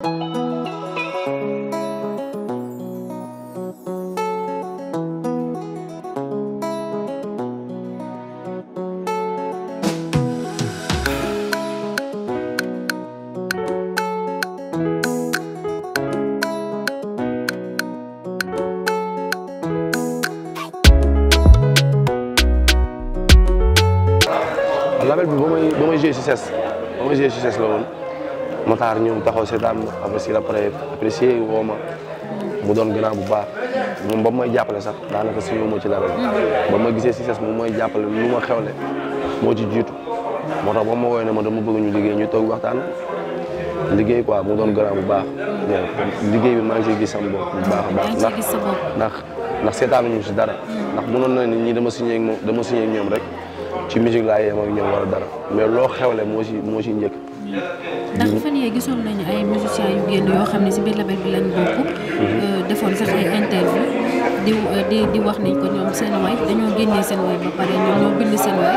Vamos vamos vamos Vamos ba sucesso vamos si CES ba may Matar ñëw taxaw seetaan ma si la pare woo ma mu doon grand bu baax moom ba may jàppale sax daanaka si ma ci dara ba ma gisee si ses moom mooy jàppale lu ma xewle moo ci jiitu moo tax ba ma woowee ne ma bëgg ñu liggéey ñu toog waxtaan liggéey quoi mu doon grand bu baax liggéey bi maa ngi siy gis sama bopp bu baax a baax ndax ndax ndax seetaanuñu si dara ndax mënoon na ne ñi dama si ak moom dama signé ñoom rek ci musique laa yem ak ñoom wala dara mais loo xewle moo ci moo si njëkk ndax fan yee gisoon nañu ay musiciens yu génn yoo xam ne si biir label bi lan bokk mhm. defoon sax ay interview di di di wax nañ ko ñoom seen way dañoo génnee seen way ba pare ñoom ñoo bind seen way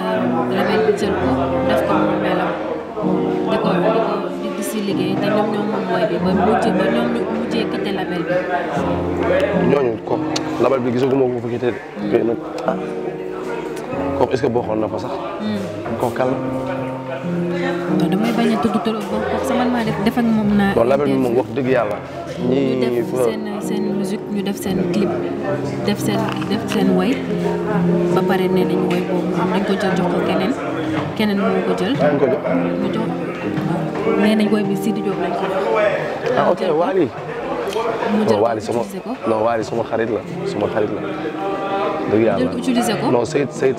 ehm, label bi jël ko def ko melam di ko di ko di di si liggéey te ñoom ñoo moom way bi ba mucc ba ñoom ñu quitté label bi ñooñu ko label bi gisaguma ko fa quitté de mm. mais nag ah comme est ce que bokkoon na fa sax mm. kan tudd turam boobu kooku sama maa def def moom naa. bon label bi moom wax dëgg yàlla. ñii ñu def seen seen musique ñu def seen clip def seen def ba pare nee nañu woy boobu moom dañ ko jël jox ko keneen keneen mënu ko jël. mënu ko jox mu jox nañ woy bi Sidi Diop jox. ah ko utiliser ko xarit la sama xarit la. dëgg yàlla jël utiliser ko non sayt sayt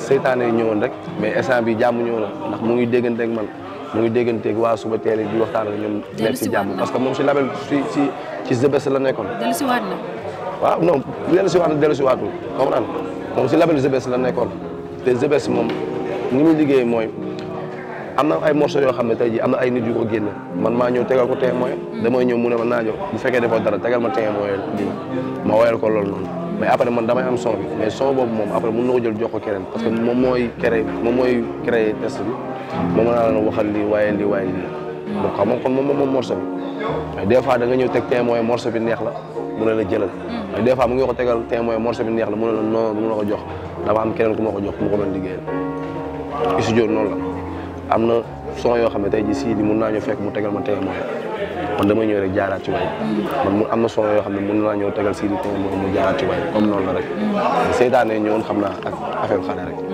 ñëwoon rek mais instant bi jàmm ñëw na ndax mu ngi déggante ak man. mu ngi dégganteeg waa suba teel di waxtaan ak ñoom. nekk si jàmm parce que moom si label si si si ZBS la nekkoon. dellusiwaat na. waaw non dellusiwaat na dellusiwaatul comprendre moom si label ZBS la nekkoon te ZBS moom ni muy liggéey mooy. am na ay morceaux yoo xam ne tey jii am na ay nit yu ko génne man maa ñëw tegal ko témoin damay ñëw mu ne ma naa ñëw bu fekkee defoo dara tegal ma témoin lii ma woyal ko loolu noonu mais après man damay am son bi mais son boobu moom après mën na ko jël jox ko keneen parce que moom mooy créé moom mooy créé test bi moom mën naa leen waxal lii waaye lii waaye lii donc xam nga kon moom moom morceau bi mais des fois da nga ñëw teg témoin morceau bi neex la mu ne la jëlal mais des fois mu ngi ko tegal témoin morceau bi neex la mu ne la non du ma la ko jox dama am keneen ku ma ko jox ku ma ko doon liggéeyal Youssou Dior noonu la am na son yoo xam ne tey jii sii di mun naa ñëw fekk mu tegal ma tegal mooy man damay ñëw rek jaaraat ci waay am na son yoo xam ne mun naa ñëw tegal sii di tegal mooy mu jaaraat ci comme noonu la rek mm. seytaane ñëwoon xam naa ak affaire xale rek